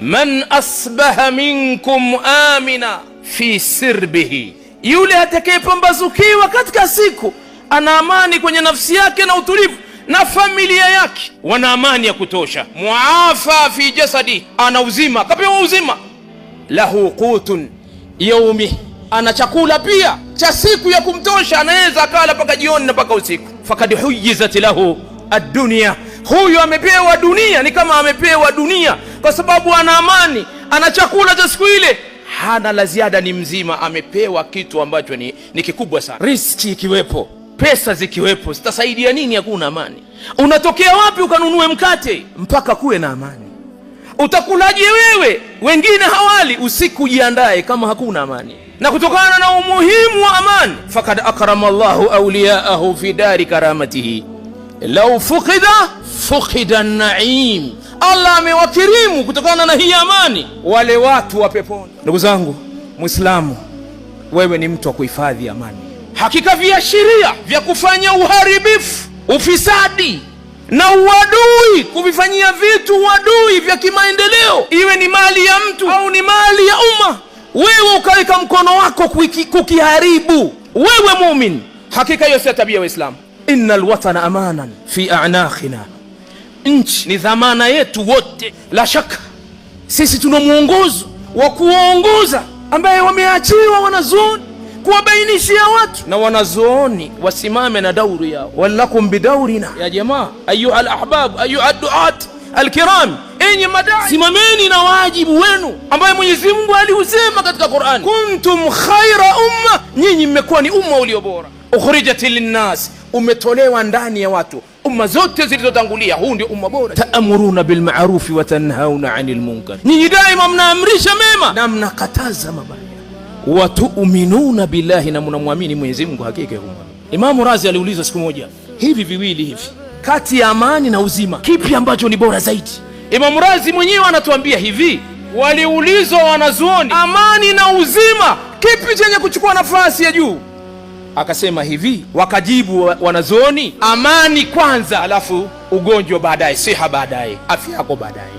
man asbaha minkum amina fi sirbihi, yule atakayepambazukiwa katika siku ana amani kwenye nafsi yake na utulivu na familia yake wana amani ya kutosha. Muafa fi jasadi, ana uzima, kapewa uzima. Lahu qutun yaumi, ana chakula pia cha siku ya kumtosha, anaweza akala mpaka jioni na mpaka usiku. Fakad huyizat lahu ad-dunya Huyu amepewa dunia, ni kama amepewa dunia, kwa sababu ana amani, ana chakula cha siku ile, hana la ziada, ni mzima. Amepewa kitu ambacho ni, ni kikubwa sana. Riski ikiwepo, pesa zikiwepo, zitasaidia nini? Hakuna amani. Unatokea wapi ukanunue mkate mpaka kuwe na amani? Utakulaje wewe? Wengine hawali usiku, jiandae kama hakuna amani. Na kutokana na umuhimu wa amani, fakad akrama Allahu awliyaahu fi dari karamatihi lau fukida fukida naim. Allah amewakirimu kutokana na hii amani wale watu wa peponi. Ndugu zangu, Muislamu, wewe ni mtu wa kuhifadhi amani. Hakika viashiria vya kufanya uharibifu, ufisadi na uadui, kuvifanyia vitu uadui vya kimaendeleo, iwe ni mali ya mtu au ni mali ya umma, wewe ukaweka mkono wako kukiharibu, wewe muumini, hakika hiyo si tabia ya Waislamu inna alwatana amanan fi a'naqina, nchi ni dhamana yetu wote. La shaka sisi tuna mwongozo wa kuwaongoza ambaye wameachiwa wanazuoni kuwabainishia watu na wanazuoni wasimame na dauri yao. walakum bidaurina ya jamaa, ayuha lahbab, ayuha duat alkiram, enye madai, simameni na wajibu wenu ambaye Mwenyezi Mungu aliusema katika Qur'ani, kuntum khaira umma, nyinyi mmekuwa ni umma uliobora ukhrijat linnas, umetolewa ndani ya watu. Umma zote zilizotangulia, huu ndio umma bora. Taamuruna bilmarufi wa tanhauna anil munkar, nyinyi daima mnaamrisha mema na mnakataza mabaya. Watuminuna billahi, na mnamwamini Mwenyezi Mungu. Hakika huma Imamu Razi aliulizwa siku moja, hivi viwili hivi kati ya amani na uzima kipi ambacho ni bora zaidi? Imamu Razi mwenyewe anatuambia hivi, waliulizwa wanazuoni, amani na uzima kipi chenye kuchukua nafasi ya juu? Akasema hivi, wakajibu wanazuoni, amani kwanza, alafu ugonjwa baadaye, siha baadaye, afya yako baadaye.